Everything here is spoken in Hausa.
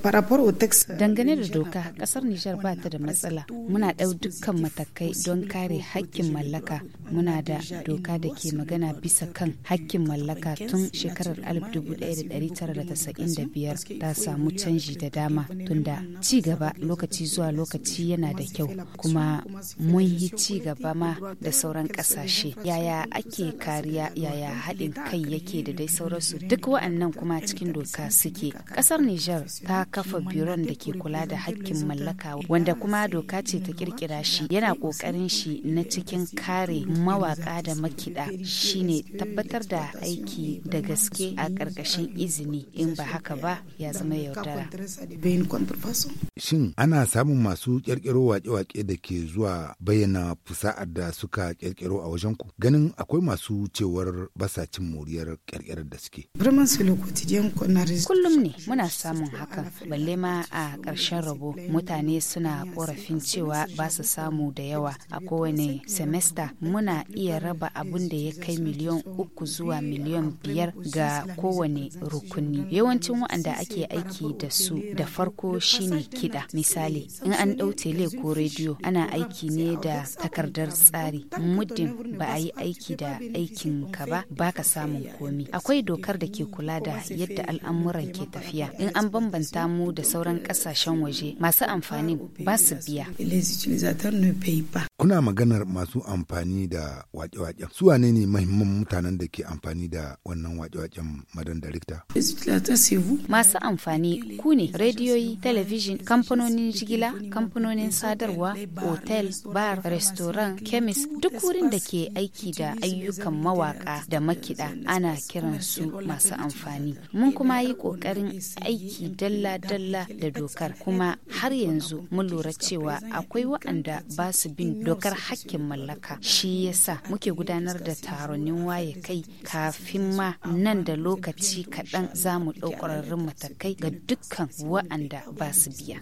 Dangane da doka, kasar Nijar ba ta da matsala. Muna ɗau dukkan matakai don kare hakkin mallaka. Muna da doka da ke magana bisa kan hakkin mallaka tun shekarar 1995 ta samu canji da dama tunda ci gaba lokaci zuwa lokaci yana da kyau kuma mun yi ci gaba ma da sauran ƙasashe. Yaya ake kariya yaya haɗin kai yake da dai sauransu duk wa'annan kuma cikin doka suke. ƙasar Nijar ta kafa biron da ke kula da hakkin mallaka wanda kuma doka ce ta kirkira shi yana kokarin shi na cikin kare mawaka da makida shine tabbatar da aiki da gaske a ƙarƙashin izini in ba haka ba ya zama yaudara shin ana samun masu ƙirƙiro wake-wake da ke zuwa bayyana fusa'ar da suka ƙirƙiro a wajen ku ganin akwai masu cewar basa cin moriyar kirkirar da suke kullum ne muna samun hakan balle ma a ƙarshen rabo mutane suna korafin cewa ba su samu da yawa a kowane semesta muna iya raba abun da ya kai miliyan uku zuwa miliyan biyar ga kowane rukuni yawancin waɗanda ake aiki da su da farko shine kiɗa misali in an ɗau tele ko rediyo ana aiki ne da takardar tsari muddin ba a yi aiki da aikin ka ba baka samun komi akwai dokar da ke kula da yadda al'amuran ke tafiya in an bambanta samu da sauran kasashen waje masu amfani ba su biya. Kuna maganar masu amfani da wake wake Su wane ne mahimman mutanen da ke amfani da wannan wake-waken madan darikta? Masu amfani ku ne rediyoyi, talabijin, kamfanonin jigila, kamfanonin sadarwa, otel, bar, restoran, kemis duk wurin da ke aiki da ayyukan mawaka da makida ana kiran su masu amfani. Mun kuma yi ƙoƙarin aiki dalla dalla da dokar kuma har yanzu mun lura cewa akwai waɗanda ba su bin dokar hakkin mallaka shi yasa muke gudanar da taronin waye kai kafin ma nan da lokaci kaɗan za mu ɗaukararrun matakai ga dukkan waɗanda ba su biya.